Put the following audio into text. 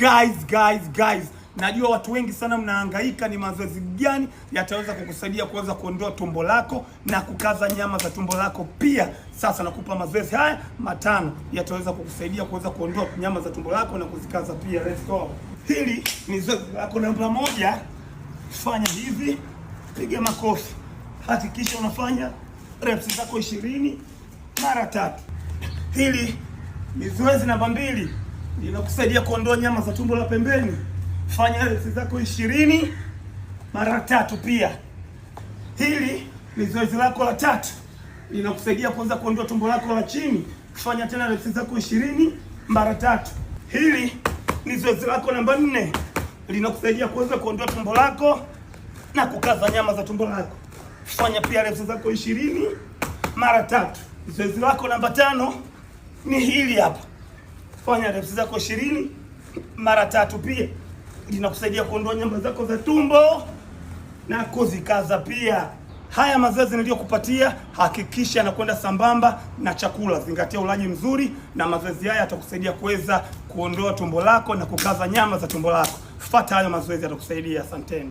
Guys, guys, guys, najua watu wengi sana mnahangaika ni mazoezi gani yataweza kukusaidia kuweza kuondoa tumbo lako na kukaza nyama za tumbo lako. Pia sasa nakupa mazoezi haya matano yataweza kukusaidia kuweza kuondoa nyama za tumbo lako na kuzikaza pia. Let's go. Hili ni zoezi lako namba moja. Fanya hivi, piga makofi, hakikisha unafanya reps zako ishirini mara tatu. Hili ni zoezi namba mbili linakusaidia kuondoa nyama za tumbo la pembeni. Fanya elsi zako ishirini mara tatu. Pia hili ni zoezi lako la tatu, linakusaidia kuweza kuondoa tumbo lako la chini. Fanya tena elsi zako ishirini mara tatu. Hili ni zoezi lako namba nne, linakusaidia kuweza kuondoa tumbo lako na kukaza nyama za tumbo lako. Fanya pia reps zako ishirini mara tatu. Zoezi lako namba tano ni hili hapa fanya reps zako ishirini mara tatu, pia linakusaidia kuondoa nyama zako za tumbo na kuzikaza pia. Haya mazoezi niliyokupatia hakikisha yanakwenda sambamba na chakula. Zingatia ulaji mzuri, na mazoezi haya yatakusaidia kuweza kuondoa tumbo lako na kukaza nyama za tumbo lako. Fuata hayo mazoezi, yatakusaidia. Asanteni.